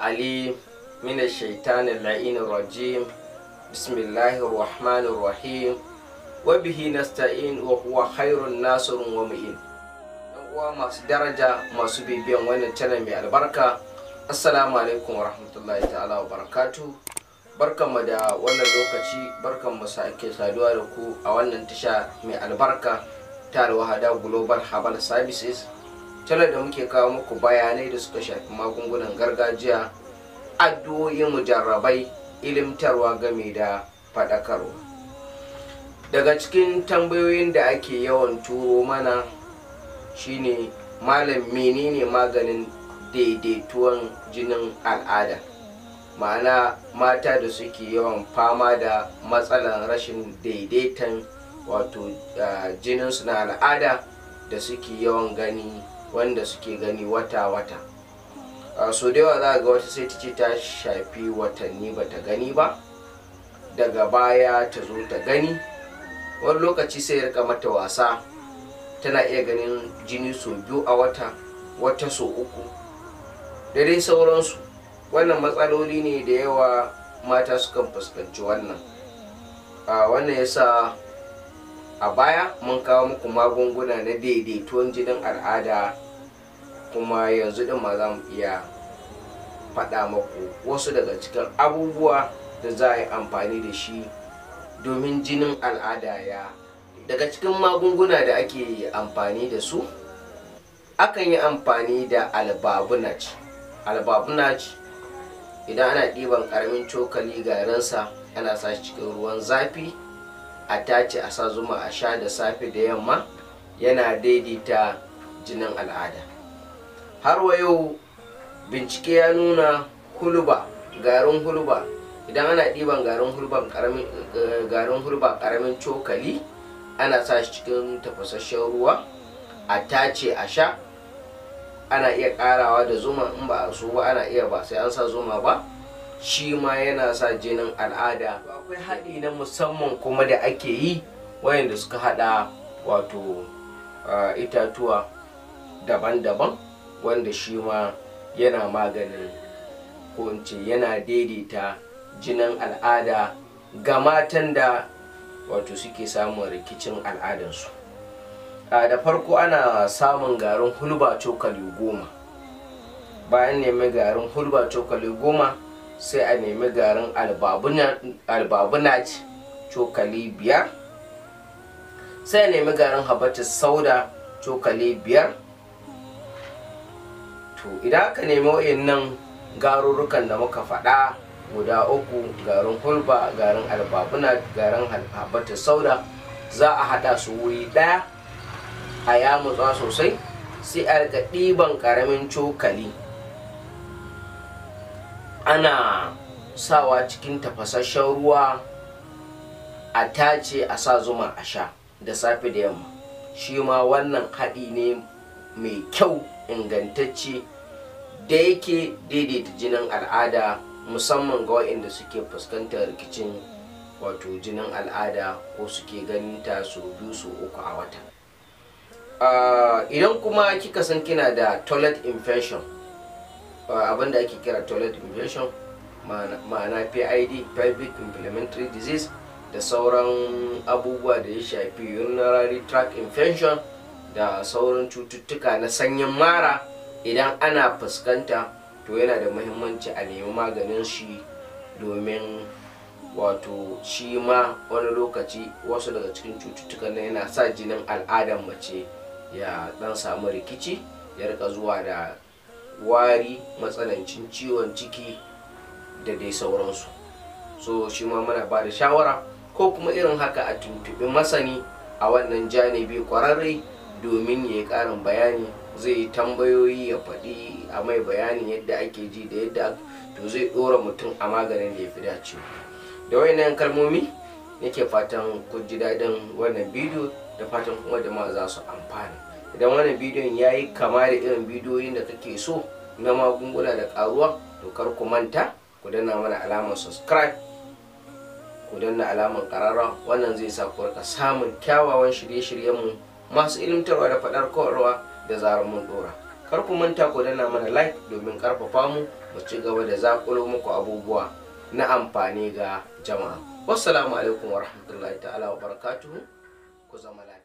Ali mina عليم من الشيطان rahmanir rahim. بسم bihi الرحمن wa وبه نستعين nasirun wa mu'in Ɗan uwa masu daraja masu bibiyan wannan channel mai albarka assalamu alaikum wa rahmatullahi ta'ala wa barakatu barkan da wannan lokaci masu sake saduwa da ku a wannan tasha mai albarka ta alwahada global habal services talar da muke kawo muku bayanai da suka shafi magungunan gargajiya addu'o'i mujarrabai ilimtarwa game da faɗakarwa daga cikin tambayoyin da ake yawan turo mana shine malam menene maganin daidaituwan jinin al'ada ma'ana mata da suke yawan fama da matsalan rashin daidaitan wato ah, jininsu na al'ada da suke yawan gani wanda suke gani wata-wata ah, so da yawa za ga wata sai ta ce ta shafi watanni ba ta gani ba daga baya ta zo ta gani wani lokaci sai ya rika mata wasa tana iya ganin jini sau biyu a wata wata sau uku da dai sauransu wannan matsaloli ne da yawa mata sukan fuskanci wannan ah, wannan ya sa a baya mun kawo muku magunguna na daidaituwan jinin al'ada kuma yanzu din ma za mu iya faɗa muku wasu daga cikin abubuwa da za a yi amfani da shi domin jinin al'ada ya daga cikin magunguna da ake amfani da su akan yi amfani da albabunaj albabunaj idan ana ɗiban ƙaramin cokali garinsa ana sa cikin ruwan zafi a tace a sa zuma a sha da safe da yamma yana daidaita jinin al'ada har wa yau bincike ya nuna hulba garin hulba idan ana ɗiban garin hulba karamin eh, garin hulba karamin cokali ana sa shi cikin tafasasshen ruwa a tace a sha ana iya karawa da zuma in ba a so ba ana iya ba sai an sa zuma ba shi ma yana sa jinin al'ada akwai haɗi na musamman kuma da ake yi wayanda suka haɗa wato itatuwa daban-daban wanda shi ma yana maganin ko yana daidaita jinin al'ada ga matan da wato suke samun rikicin al'adansu da farko ana samun garin hulba cokali goma bayan nemi garin hulba cokali goma sai a nemi garin albabuna cokali biyar sai a nemi garin habata sauda cokali biyar to idan aka nemi wa'annan garurukan da muka faɗa guda uku garin hulba garin albabuna garin habata sauda za a haɗa su wuri ɗaya a yamutsa sosai sai a ɗiban ƙaramin cokali ana sawa cikin tafasasshen ruwa a tace a sa zuma a sha da safe da yamma shi ma wannan haɗi ne mai kyau ingantacce da yake daidaita jinin al'ada musamman ga waɗanda suke fuskantar rikicin wato jinin al'ada ko suke ganin ta su biyu su uku a wata ah, idan kuma kika san kina da toilet infection Uh, abin da ake kira toilet infection ma'ana pid pelvic inflammatory disease da sauran abubuwa da ya shafi urinary tract infection da sauran cututtuka na sanyin mara idan ana fuskanta to yana da muhimmanci a nemi maganin shi domin wato shi ma wani lokaci wasu daga cikin cututtuka nan yana sa jinin al'adar mace ya dan samu rikici ya rika zuwa da wari matsanancin ciwon ciki da dai sauransu so shi ma muna ba da shawara ko kuma irin haka a tuntuɓi masani a wannan janibi kwararre domin ya yi ƙarin bayani zai yi tambayoyi ya faɗi a mai bayanin yadda ake ji da yadda to zai ɗora mutum a maganin da ya fi dace da wayannan kalmomi nake fatan kun ji daɗin wannan bidiyo da fatan kuma da ma za su amfana idan wannan bidiyon ya yi kama da irin bidiyoyin da kake so na magunguna da karuwa to kar ku manta ku danna mana alamar subscribe ku danna alamar karara wannan zai sa ku rika samun kyawawan shirye-shiryenmu masu ilimtarwa da faɗar kowarwa da zarar mun dora kar ku manta ku danna mana like domin karfafa mu mu ci gaba da zakulo muku abubuwa na amfani ga jama'a wassalamu alaikum warahmatullahi ta'ala wa barakatuhu ku zama lafiya